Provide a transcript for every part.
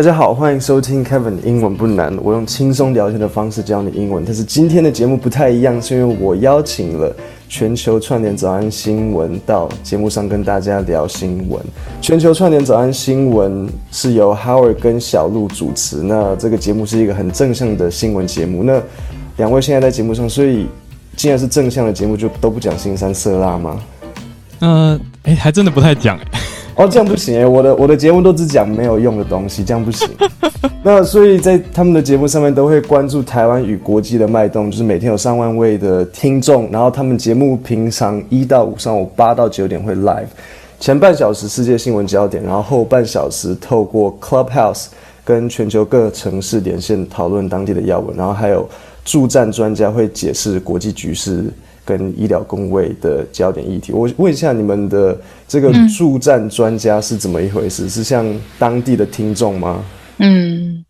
大家好，歡迎收聽 Kevin 英文不難，我用輕鬆聊天的方式教你英文。但是今天的節目不太一樣，是因為我邀請了全球串聯早安新聞到節目上跟大家聊新聞。全球串聯早安新聞是由 Howard 跟小路主持，那這個節目是一個很正向的新聞節目。那兩位現在在節目上，所以既然是正向的節目，就都不講腥羶色辣嗎？那、呃、還真的不太講哦，這樣不行誒、欸、我的我的節目都只講沒有用的東西，這樣不行。 那所以在他們的節目上面都會關注台灣與國際的脈動，就是每天有上萬位的聽眾。然後他們節目平常一到五上午八到九點會 live，前半小時世界新聞焦點，然後後半小時透過 Clubhouse 跟全球各城市連線討論當地的要聞，然後還有駐站專家會解釋國際局勢。跟醫療公衛的焦點議題，我問一下你們的這個助戰專家是怎麼一回事？嗯、是像當地的聽眾嗎？嗯，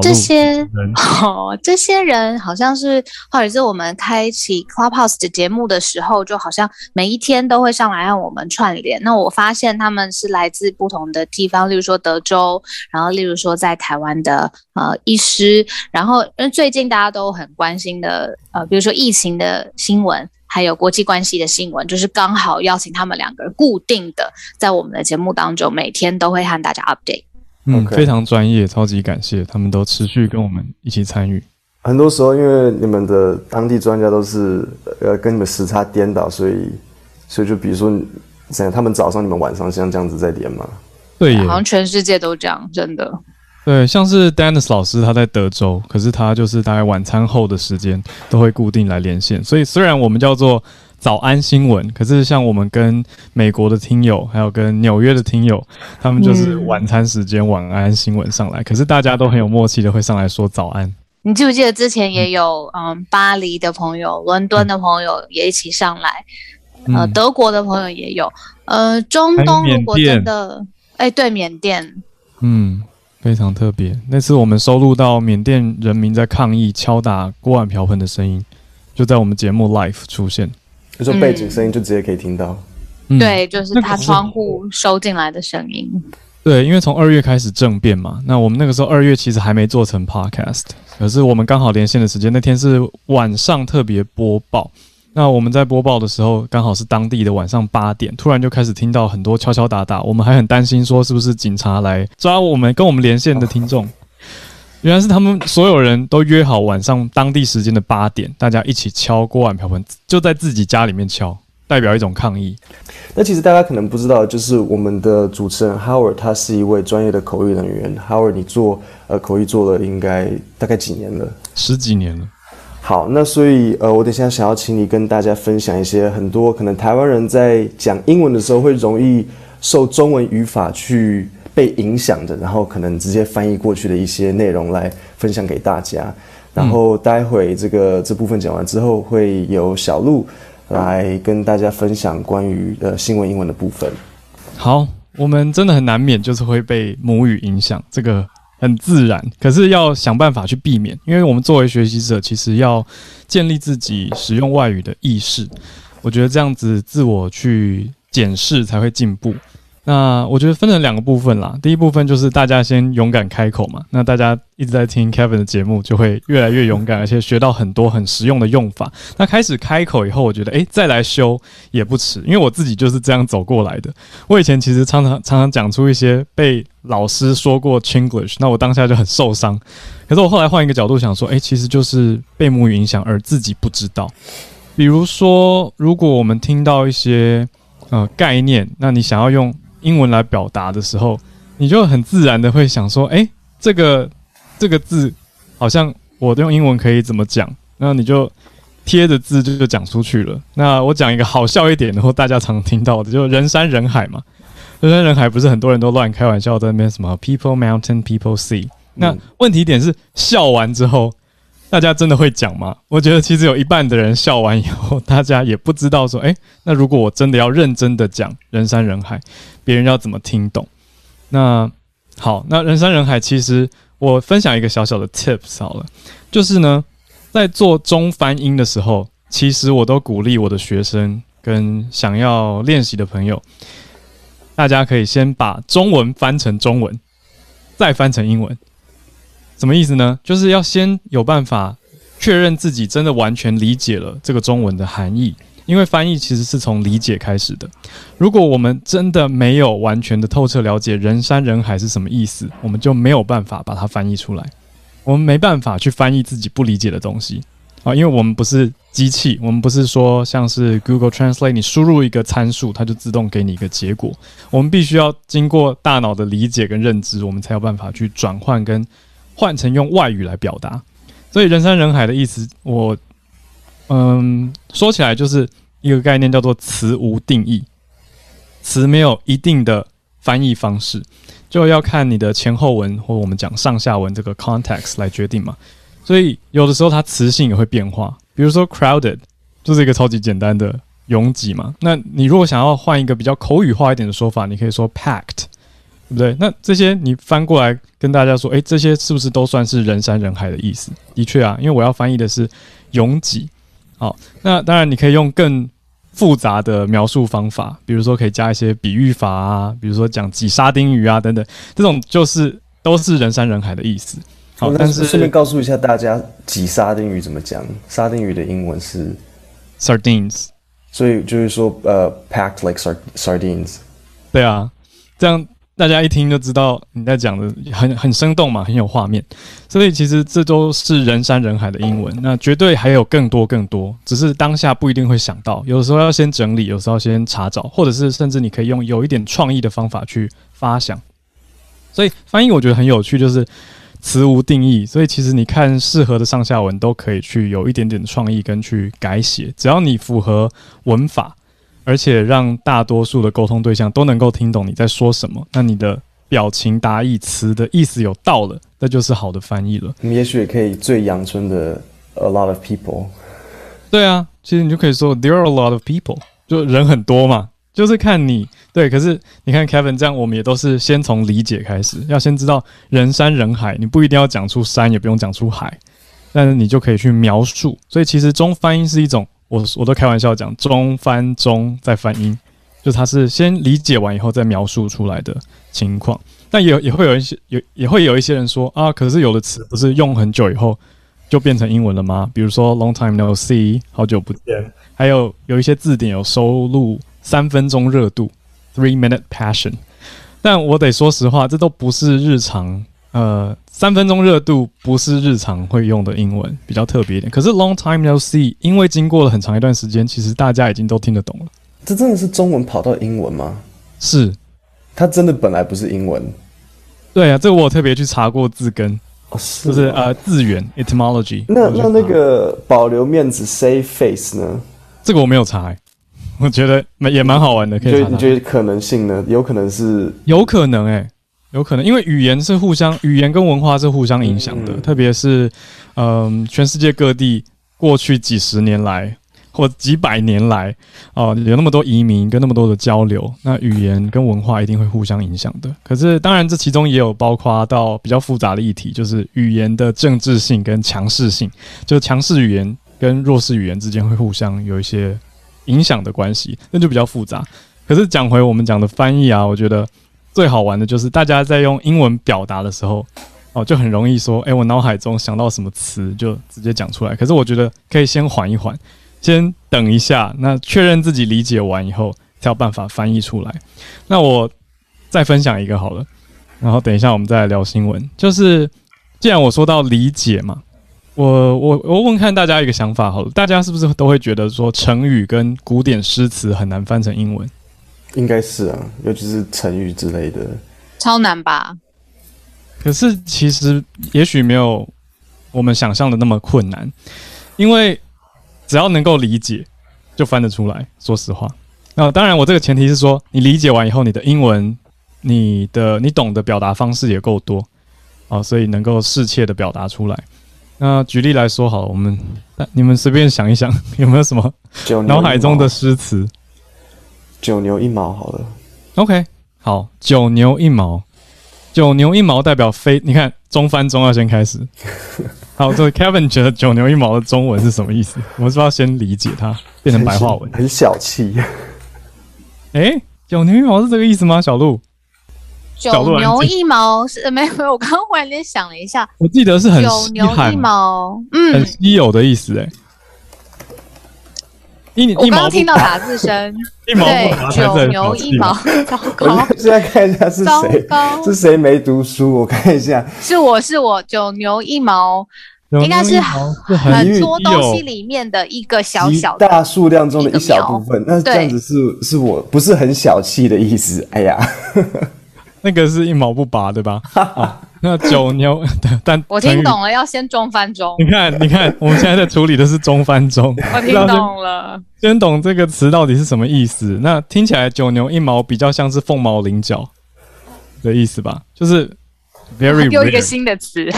這些好、哦，這些人好像是，或者是我們開啟 Clubhouse 的節目的時候，就好像每一天都會上來讓我們串聯。那我發現他們是來自不同的地方，例如說德州，然後例如說在台灣的呃醫師，然後因為最近大家都很關心的呃，比如說疫情的新聞。還有國際關係的新聞，就是剛好邀請他們兩個人固定的在我們的節目當中，每天都會和大家 update。嗯，Okay. 非常專業，超級感謝，他們都持續跟我們一起參與。很多時候，因為你們的當地專家都是呃跟你們時差顛倒，所以所以就比如說，像他們早上，你們晚上像這樣子在連嘛？對耶，好像全世界都這樣，真的。對，像是 Dennis 老師，他在德州，可是他就是大概晚餐後的時間都會固定來連線。所以雖然我們叫做早安新聞，可是像我們跟美國的聽友，還有跟紐約的聽友，他們就是晚餐時間、嗯、晚安新聞上來，可是大家都很有默契的會上來說早安。你記不記得之前也有嗯，嗯，巴黎的朋友、倫敦的朋友也一起上來，嗯、呃，德國的朋友也有，呃，中東如果真的，哎，對，緬甸，嗯。非常特別，那次我們收錄到緬甸人民在抗議敲打鍋碗瓢盆的聲音，就在我們節目 live 出現，就說背景聲音就直接可以聽到。嗯、對，就是他窗戶收進來的聲音。對，因為從二月開始政變嘛，那我們那個時候二月其實還沒做成 Podcast，可是我們剛好連線的時間那天是晚上特別播報。那我們在播報的時候，剛好是當地的晚上八點，突然就開始聽到很多敲敲打打，我們還很擔心說是不是警察來抓我們，跟我們連線的聽眾，原來是他們所有人都約好晚上當地時間的八點，大家一起敲鍋碗瓢盆，就在自己家裡面敲，代表一種抗議。那其實大家可能不知道，就是我們的主持人 Howard 他是一位專業的口譯人員。Howard，你做呃口譯做了應該大概幾年了？十幾年了。好，那所以呃，我等一下想要請你跟大家分享一些，很多可能台灣人在講英文的時候會容易受中文語法去被影響的，然後可能直接翻譯過去的一些內容來分享給大家。然後待會這個、嗯、這個、這部分講完之後，會由小路來跟大家分享關於呃新聞英文的部分。好，我們真的很難免就是會被母語影響這個。很自然，可是要想辦法去避免，因為我們作為學習者，其實要建立自己使用外語的意識。我覺得這樣子自我去檢視才會進步。那我覺得分成兩個部分啦。第一部分就是大家先勇敢開口嘛。那大家一直在聽 Kevin 的節目，就會越來越勇敢，而且學到很多很實用的用法。那開始開口以後，我覺得哎、欸，再來修也不遲，因為我自己就是這樣走過來的。我以前其實常常常常講出一些被老師說過 Chinglish，那我當下就很受傷。可是我後來換一個角度想說，哎、欸，其實就是被母語影響而自己不知道。比如說，如果我們聽到一些呃概念，那你想要用。英文來表達的時候，你就很自然的會想說：“哎、欸，這個這個字，好像我用英文可以怎麼講？”那你就貼着字就就講出去了。那我講一個好笑一點，然後大家常聽到的，就人山人海嘛。人山人海不是很多人都亂開玩笑，在那邊什麼 “people mountain people sea”。那問題點是笑完之後。大家真的會講嗎？我覺得其實有一半的人笑完以後，大家也不知道說，誒、欸，那如果我真的要認真的講，人山人海，別人要怎麼聽懂？那好，那人山人海，其實我分享一個小小的 tips 好了，就是呢，在做中翻英的時候，其實我都鼓勵我的學生跟想要練習的朋友，大家可以先把中文翻成中文，再翻成英文。什麼意思呢？就是要先有辦法確認自己真的完全理解了這個中文的含義，因為翻譯其實是從理解開始的。如果我們真的沒有完全的透徹了解“人山人海”是什麼意思，我們就沒有辦法把它翻譯出來。我們沒辦法去翻譯自己不理解的東西啊，因為我們不是機器，我們不是說像是 Google Translate，你輸入一個參數，它就自動給你一個結果。我們必須要經過大腦的理解跟認知，我們才有辦法去轉換跟。換成用外語來表達，所以人山人海的意思，我，嗯，說起來就是一個概念叫做詞無定譯，詞沒有一定的翻譯方式，就要看你的前後文或我們講上下文這個 context 來決定嘛。所以有的時候它詞性也會變化，比如說 crowded 就是一個超級簡單的擁擠嘛。那你如果想要換一個比較口語化一點的說法，你可以說 packed。對不對，那這些你翻過來跟大家說，哎、欸，這些是不是都算是人山人海的意思？的確啊，因為我要翻譯的是擁擠。好，那當然你可以用更複雜的描述方法，比如說可以加一些比喻法啊，比如說講擠沙丁魚啊等等，這種就是都是人山人海的意思。好，哦、但是順便告訴一下大家，擠沙丁魚怎麼講？沙丁魚的英文是 sardines，所以就是說呃、uh,，packed like sard sardines。對啊，這樣。大家一聽就知道你在講的很很生動嘛，很有畫面。所以其實這都是人山人海的英文，那絕對還有更多更多，只是當下不一定會想到。有時候要先整理，有時候要先查找，或者是甚至你可以用有一點創意的方法去發想。所以翻譯我覺得很有趣，就是詞無定義，所以其實你看適合的上下文都可以去有一點點創意跟去改寫，只要你符合文法。而且讓大多數的溝通對象都能夠聽懂你在說什麼，那你的表情達意詞的意思有到了，那就是好的翻譯了。你也許也可以最陽春的 a lot of people。對啊，其實你就可以說 there are a lot of people，就人很多嘛，就是看你對。可是你看 Kevin 這樣，我們也都是先從理解開始，要先知道人山人海，你不一定要講出山，也不用講出海，但是你就可以去描述。所以其實中翻譯是一種。我我都開玩笑講，中翻中再翻英，就他是先理解完以後再描述出來的情況。但也有也會有一些有也會有一些人說啊，可是有的詞不是用很久以後就變成英文了嗎？比如說 long time no see，好久不見，Yeah. 還有有一些字典有收錄三分鐘熱度 three minute passion。但我得說實話，這都不是日常。呃，三分鐘熱度不是日常會用的英文，比較特別一點。可是 long time no see，因為經過了很長一段時間，其實大家已經都聽得懂了。這真的是中文跑到英文嗎？是，它真的本來不是英文。對啊，這個我有特別去查過字根，哦、是就是呃字源 etymology。E、ology，那那那個保留面子 save face 呢？這個我沒有查、欸，我覺得也蠻、嗯、好玩的，可以查他。你覺得你覺得可能性呢？有可能是，有可能哎、欸。有可能，因為語言是互相，語言跟文化是互相影響的，特別是，嗯、呃，全世界各地過去幾十年來或幾百年來，哦、呃，有那麼多移民跟那麼多的交流，那語言跟文化一定會互相影響的。可是，當然這其中也有包括到比較複雜的議題，就是語言的政治性跟強勢性，就強勢語言跟弱勢語言之間會互相有一些影響的關係，那就比較複雜。可是講回我們講的翻譯啊，我覺得。最好玩的就是大家在用英文表達的時候，哦，就很容易說，誒、欸，我腦海中想到什麼詞就直接講出來。可是我覺得可以先緩一緩，先等一下，那確認自己理解完以後，才有辦法翻譯出來。那我再分享一個好了，然後等一下我們再來聊新聞。就是既然我說到理解嘛，我我我問看大家一個想法好了，大家是不是都會覺得說成語跟古典詩詞很難翻成英文？應該是啊，尤其是成語之類的，超難吧？可是其實也許沒有我們想象的那麼困難，因為只要能夠理解，就翻得出來。說實話，那、呃、當然，我這個前提是說，你理解完以後，你的英文，你的你懂的表達方式也夠多啊、呃，所以能夠適切的表達出來。那舉例來說，好，我們你們隨便想一想，有沒有什麼腦海中的詩詞？哦九牛一毛，好了，OK，好，九牛一毛，九牛一毛代表非。你看中翻中要先開始，好，所以 Kevin 覺得九牛一毛的中文是什麼意思？我是不是要先理解它，變成白話文，很小氣。哎、欸，九牛一毛是這個意思嗎？小鹿，九牛一毛是？沒有沒有，我剛剛忽然間想了一下，我記得是很稀罕，嗯，很稀有的意思、欸，哎。我剛剛聽到打字聲，一毛對，九牛一毛，糟糕！現在看一下是誰，糟糕是誰沒讀書？我看一下，是我，是我，九牛一毛，一毛應該是很，很，很多東西裡面的一個小小的個大數量中的一小部分。那這樣子是對是我不是很小氣的意思？哎呀！ 那個是一毛不拔，對吧、 啊？那九牛， 但我聽懂了，語要先中翻中。你看，你看， 我們現在在處理的是中翻中。 我聽懂了，先懂這個詞到底是什麼意思？那聽起來九牛一毛比較像是鳳毛麟角的意思吧？就是 very rare。又一個新的詞。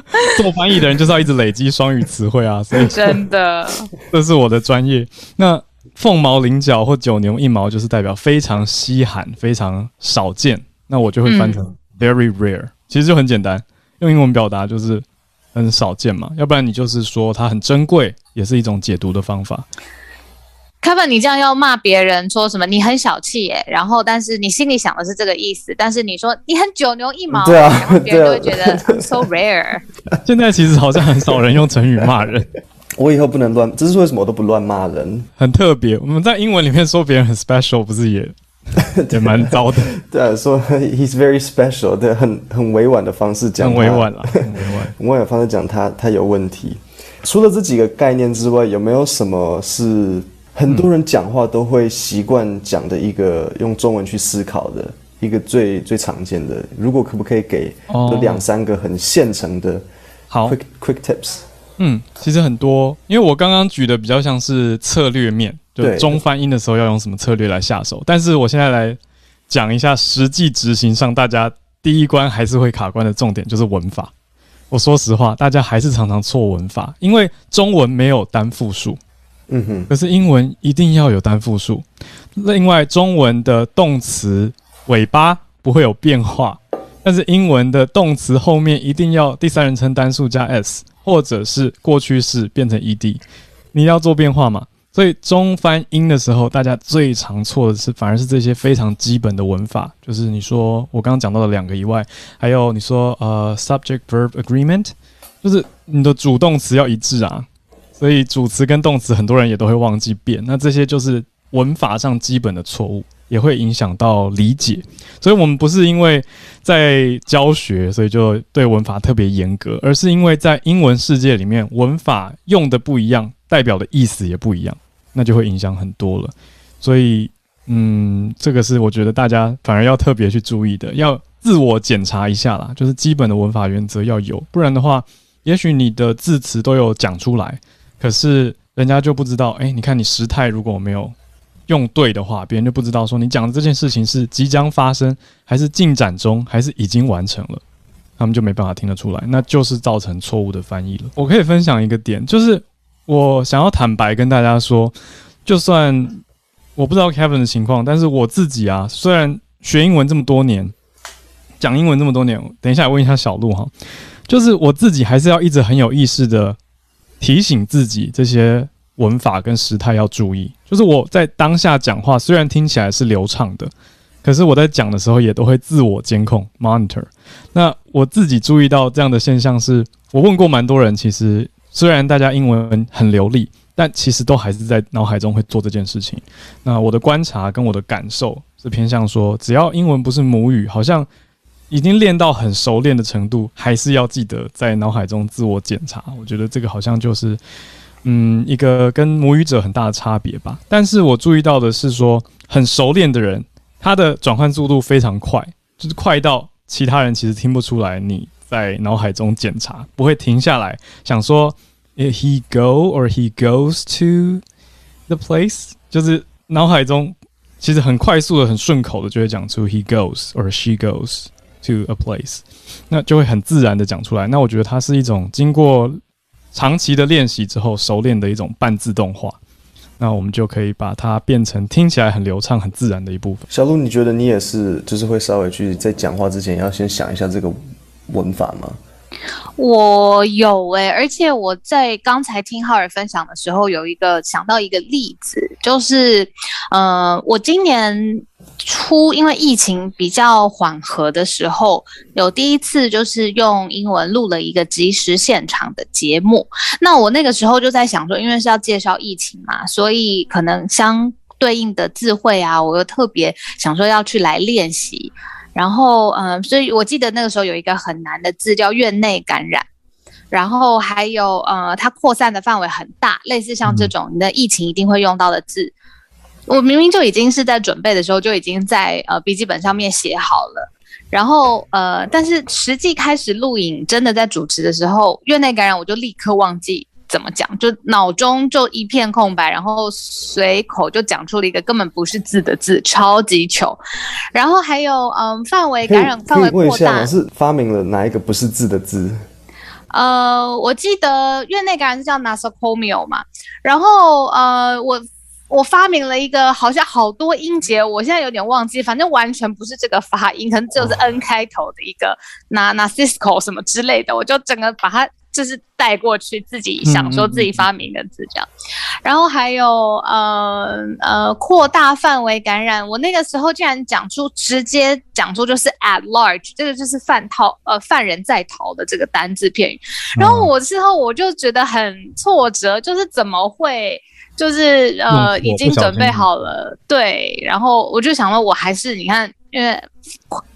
做翻譯的人就是要一直累積雙語詞彙啊！所以 真的，這是我的專業。那。鳳毛麟角或九牛一毛，就是代表非常稀罕、非常少見。那我就會翻成 very rare，、嗯、其實就很簡單，用英文表達就是很少見嘛。要不然你就是說它很珍貴，也是一種解讀的方法。Kevin，你這樣要罵別人說什麼？你很小氣耶、欸。然後，但是你心裡想的是這個意思，但是你說你很九牛一毛、欸，別、啊、人就會覺得、啊啊、 so rare。現在其實好像很少人用成語罵人。我以後不能亂，這是為什麼？我都不亂罵人，很特別。我們在英文裡面說別人很 special，不是也 對 也蠻糟的？ 對、啊，說、so、he's very special，對，很很委婉的方式講很。很委婉了， 很委婉，很委婉。我有方式講他，他有問題。除了這幾個概念之外，有沒有什麼是很多人講話都會習慣講的一個用中文去思考的一個最最常見的？如果可不可以給兩三個很現成的 quick quick tips？嗯，其實很多，因為我剛剛舉的比較像是策略面，就中翻英的時候要用什麼策略來下手。對對對，但是我現在來講一下實際執行上，大家第一關還是會卡關的重點就是文法。我說實話，大家還是常常錯文法，因為中文沒有單複數，嗯哼，可是英文一定要有單複數。另外，中文的動詞尾巴不會有變化，但是英文的動詞後面一定要第三人稱單數加 s。或者是過去式變成 E D，你要做變化嘛。所以中翻英的時候，大家最常錯的是，反而是這些非常基本的文法，就是你說我剛剛講到的兩個以外，還有你說呃、uh, subject verb agreement，就是你的主動詞要一致啊，所以主詞跟動詞很多人也都會忘記變，那這些就是文法上基本的錯誤。也會影響到理解，所以我們不是因為在教學，所以就對文法特別嚴格，而是因為在英文世界裡面，文法用的不一樣，代表的意思也不一樣，那就會影響很多了。所以，嗯，這個是我覺得大家反而要特別去注意的，要自我檢查一下啦，就是基本的文法原則要有，不然的話，也許你的字詞都有講出來，可是人家就不知道，哎、欸，你看你時態如果沒有。用對的話，別人就不知道說你講的這件事情是即將發生，還是進展中，還是已經完成了，他們就沒辦法聽得出來，那就是造成錯誤的翻譯了。我可以分享一個點，就是我想要坦白跟大家說，就算我不知道凱文的情況，但是我自己啊，雖然學英文這麼多年，講英文這麼多年，我等一下問一下小路哈，就是我自己還是要一直很有意識的提醒自己這些，文法跟時態要注意，就是我在當下講話，雖然聽起來是流暢的，可是我在講的時候也都會自我監控 （monitor）。那我自己注意到這樣的現象是，我問過蠻多人，其實雖然大家英文很流利，但其實都還是在腦海中會做這件事情。那我的觀察跟我的感受是偏向說，只要英文不是母語，好像已經練到很熟練的程度，還是要記得在腦海中自我檢查。我覺得這個好像就是。嗯，一個跟母語者很大的差別吧。但是我注意到的是說，說很熟練的人，他的轉換速度非常快，就是快到其他人其實聽不出來。你在腦海中檢查，不會停下來想說，he go or he goes to the place，就是腦海中其實很快速的、很順口的就會講出 he goes or she goes to a place，那就會很自然的講出來。那我覺得它是一種經過，長期的練習之後，熟練的一種半自動化，那我們就可以把它變成聽起來很流暢、很自然的一部分。小路，你覺得你也是，就是會稍微去在講話之前要先想一下這個文法嗎？我有誒、欸。而且我在剛才聽浩爾分享的時候，有一個想到一個例子，就是，嗯、呃，我今年。初，因為疫情比較緩和的時候，有第一次就是用英文錄了一個即時現場的節目。那我那個時候就在想說，因為是要介紹疫情嘛，所以可能相對應的字彙啊，我又特別想說要去來練習。然後，嗯、呃，所以我記得那個時候有一個很難的字叫院內感染，然後還有，呃，它擴散的範圍很大，類似像這種、嗯、你的疫情一定會用到的字。我明明就已經是在準備的時候就已經在呃筆記本上面寫好了，然後呃，但是實際開始錄影真的在主持的時候，院內感染我就立刻忘記怎麼講，就腦中就一片空白，然後隨口就講出了一個根本不是字的字，超級糗。然後還有嗯、呃，範圍感染範圍擴大。可以問一下，是發明了哪一個不是字的字？呃，我記得院內感染是叫 nosocomial、ok、嘛，然後呃，我。我發明了一個，好像好多音節，我現在有點忘記，反正完全不是這個發音，可能就是 n 開頭的一個，na，nascico、哦、什麼之類的，我就整個把它就是帶過去，自己想說自己發明的字這樣。嗯嗯嗯，然後還有呃呃擴大範圍感染，我那個時候竟然講出直接講出就是 at large，這個就是犯套，呃犯人在逃的這個單字片語。然後我之後我就覺得很挫折，就是怎麼會？就是呃，嗯、已經準備好了，對。然後我就想到，我還是你看，因為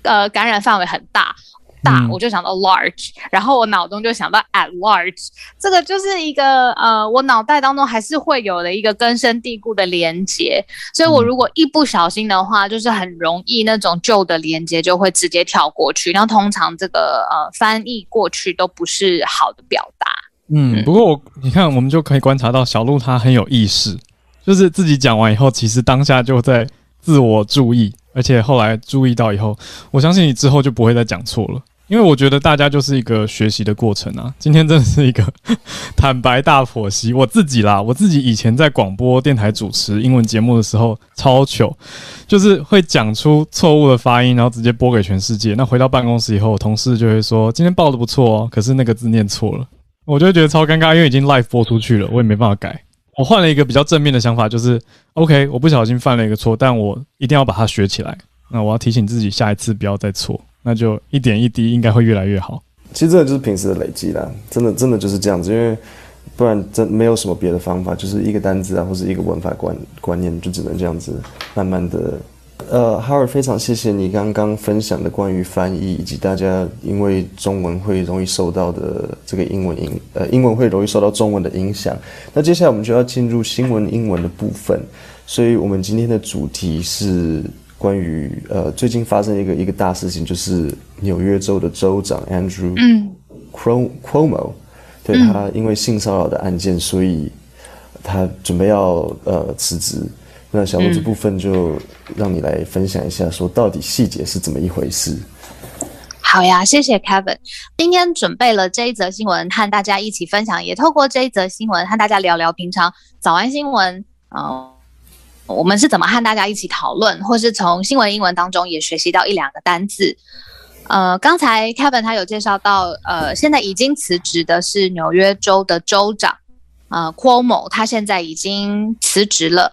呃，感染範圍很大，大，嗯、我就想到 large。然後我腦中就想到 at large，這個就是一個呃，我腦袋當中還是會有的一個根深蒂固的連接。所以我如果一不小心的話，嗯、就是很容易那種舊的連接就會直接跳過去。然後通常這個呃翻譯過去都不是好的表達。嗯，Okay. 不過我你看，我們就可以觀察到小路他很有意識，就是自己講完以後，其實當下就在自我注意，而且後來注意到以後，我相信你之後就不會再講錯了，因為我覺得大家就是一個學習的過程啊。今天真的是一個 坦白大剖析，我自己啦，我自己以前在廣播電台主持英文節目的時候超糗，就是會講出錯誤的發音，然後直接播給全世界。那回到辦公室以後，我同事就會說：“今天報的不錯哦，可是那個字念錯了。”我就覺得超尷尬，因為已經 live 播出去了，我也沒辦法改。我換了一個比較正面的想法，就是 OK，我不小心犯了一個錯，但我一定要把它學起來。那我要提醒自己，下一次不要再錯。那就一點一滴，應該會越來越好。其實這個就是平時的累積啦，真的真的就是這樣子，因為不然真沒有什麼別的方法，就是一個單字啊，或者一個文法觀觀念，就只能這樣子慢慢的。呃，Howard，非常謝謝你剛剛分享的關於翻譯，以及大家因為中文會容易受到的這個英文影，呃，英文會容易受到中文的影響。那接下來我們就要進入新聞英文的部分，所以我們今天的主題是關於呃，最近發生一個一個大事情，就是紐約州的州長 Andrew Cuomo，嗯，對他因為性騷擾的案件，所以他準備要呃辭職。那小路，這部分就讓你來分享一下，說到底細節是怎麼一回事，嗯。好呀，謝謝 Kevin。今天準備了這一則新聞和大家一起分享，也透過這一則新聞和大家聊聊平常早安新聞哦，呃。我們是怎麼和大家一起討論，或是從新聞英文當中也學習到一兩個單詞。呃，剛才 Kevin 他有介紹到，呃，現在已經辭職的是紐約州的州長啊，呃、，Cuomo，他現在已經辭職了。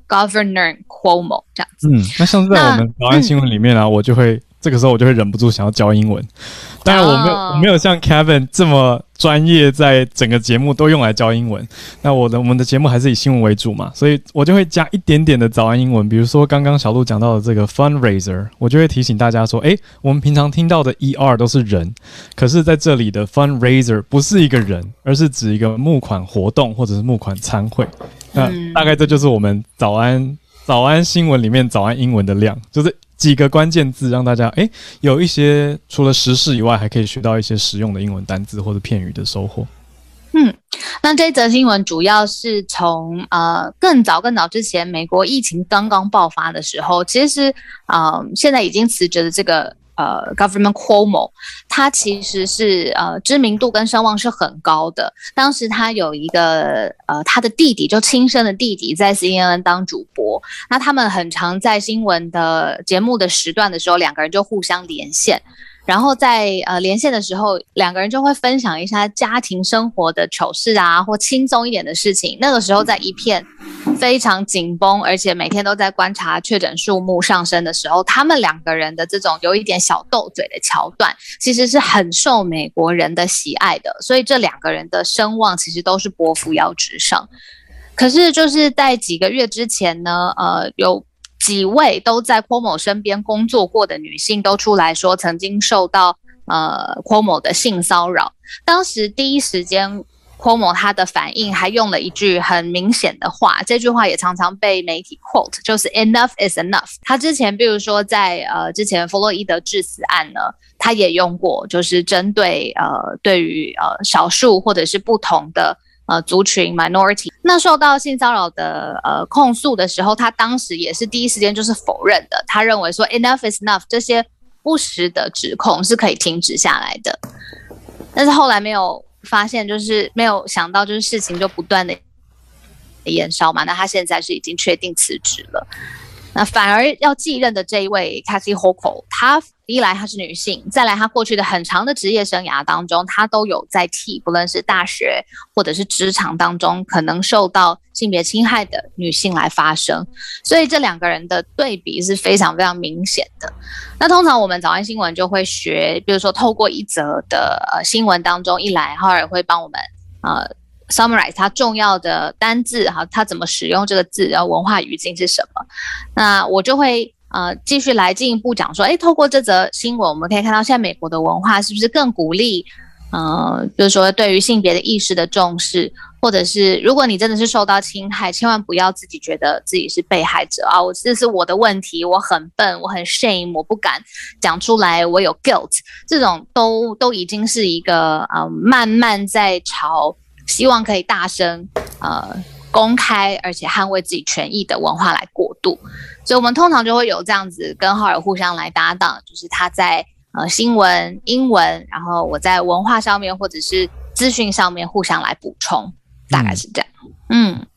Governor Cuomo 這樣子，嗯，那像是在我們早安新聞裡面啊，那我就會、嗯、這個時候我就會忍不住想要教英文，當然我沒有、oh. 我沒有像 Kevin 這麼專業，在整個節目都用來教英文。那我的我們的節目還是以新聞為主嘛，所以我就會加一點點的早安英文，比如說剛剛小鹿講到的這個 fundraiser，我就會提醒大家說，誒、欸，我們平常聽到的 ER 都是人，可是在這裡的 fundraiser 不是一個人，而是指一個募款活動或者是募款餐會。那大概這就是我們早安早安新聞裡面早安英文的量，就是幾個關鍵字，讓大家哎、欸、有一些除了時事以外，還可以學到一些實用的英文單詞或者片語的收穫。嗯，那這則新聞主要是從呃更早更早之前，美國疫情剛剛爆發的時候，其實啊、呃、現在已經辭職的這個。呃，Government Cuomo，他其實是呃知名度跟聲望是很高的。當時他有一個呃他的弟弟，就親生的弟弟，在 CNN 當主播。那他們很常在新聞的節目的時段的時候，兩個人就互相連線。然後在呃連線的時候，兩個人就會分享一下家庭生活的糗事啊，或輕鬆一點的事情。那個時候在一片非常緊繃，而且每天都在觀察確診數目上升的時候，他們兩個人的這種有一點小鬥嘴的橋段，其實是很受美國人的喜愛的。所以這兩個人的聲望其實都是扶搖直上。可是就是在幾個月之前呢，呃，有。幾位都在 Cuomo 身邊工作過的女性都出來說，曾經受到呃 Cuomo 的性騷擾。當時第一時間，Cuomo 他的反應還用了一句很明顯的話，這句話也常常被媒體 quote，就是 enough is enough。他之前，比如說在呃之前弗洛伊德致死案呢，他也用過，就是針對呃對於呃少數或者是不同的。呃，族群 minority，那受到性騷擾的呃控訴的時候，他當時也是第一時間就是否認的。他認為說 enough is enough，這些不實的指控是可以停止下來的。但是後來沒有發現，就是沒有想到，就是事情就不斷的延燒嘛。那他現在是已經確定辭職了。那反而要繼任的這一位 Kathy Hochul 他。一來她是女性，再來她過去的很長的職業生涯當中，她都有在替不論是大學或者是職場當中可能受到性別侵害的女性來發聲，所以這兩個人的對比是非常非常明顯的。那通常我們早安新聞就會學，比如說透過一則的呃新聞當中，一來 Howard 會幫我們呃 summarize 他重要的單字哈，他怎麼使用這個字，然後文化語境是什麼，那我就會。呃，繼續來進一步講說，哎，透過這則新聞，我們可以看到現在美國的文化是不是更鼓勵，呃，就是說對於性別的意識的重視，或者是如果你真的是受到侵害，千萬不要自己覺得自己是被害者啊，我這是我的問題，我很笨，我很 shame，我不敢講出來，我有 guilt，這種都都已經是一個呃慢慢在朝希望可以大聲呃。公開而且捍衛自己權益的文化來過渡，所以我們通常就會有這樣子跟浩爾互相來搭檔，就是他在呃新聞英文，然後我在文化上面或者是資訊上面互相來補充，大概是這樣。嗯，嗯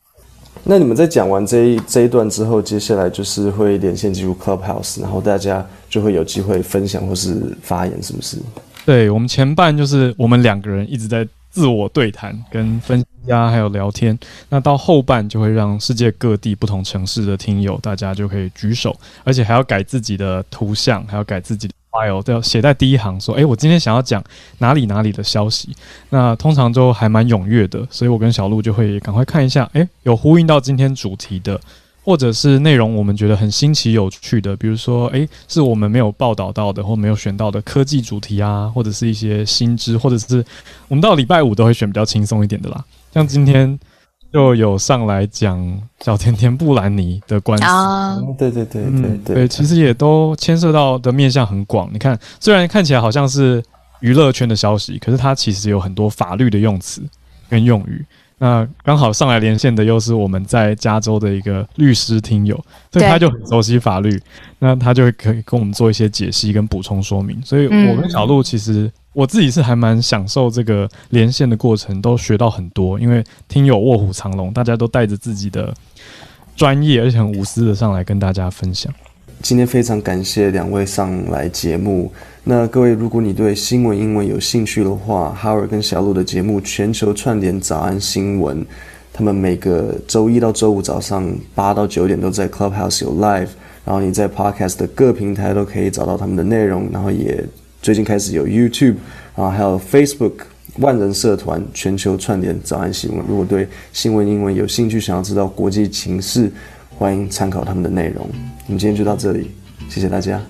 那你們在講完這一這一段之後，接下來就是會連線進入 Clubhouse，然後大家就會有機會分享或是發言，是不是？對，我們前半就是我們兩個人一直在。自我對談、跟分析啊，還有聊天，那到後半就會讓世界各地不同城市的聽友，大家就可以舉手，而且還要改自己的圖像，還要改自己的 file 都要寫在第一行，說：誒、欸，我今天想要講哪裡哪裡的消息。那通常都還蠻踴躍的，所以我跟小路就會趕快看一下，誒、欸，有呼應到今天主題的。或者是內容我們覺得很新奇有趣的，比如說，誒、欸，是我們沒有報道到的或沒有選到的科技主題啊，或者是一些新知，或者是我們到禮拜五都會選比較輕鬆一點的啦。像今天就有上來講小甜甜布蘭妮的官司，哦嗯、對對對對對，嗯、對，其實也都牽涉到的面向很廣。你看，雖然看起來好像是娛樂圈的消息，可是它其實有很多法律的用詞跟用語。那剛好上來連線的又是我們在加州的一個律師聽友，所以他就很熟悉法律，對那他就會可以跟我們做一些解析跟補充說明。所以我跟小路其實我自己是還蠻享受這個連線的過程，都學到很多，因為聽友臥虎藏龍，大家都帶着自己的專業，而且很無私的上來跟大家分享。今天非常感謝兩位上來節目。那各位，如果你對新聞英文有興趣的話，Howard 跟小路的節目《全球串聯早安新聞》，他們每個週一到週五早上八到九點都在 Clubhouse 有 live，然後你在 Podcast 的各平台都可以找到他們的內容，然後也最近開始有 YouTube，然後還有 Facebook 萬人社團《全球串聯早安新聞》。如果對新聞英文有興趣，想要知道國際情勢。歡迎參考他們的內容。我們今天就到這裡，謝謝大家。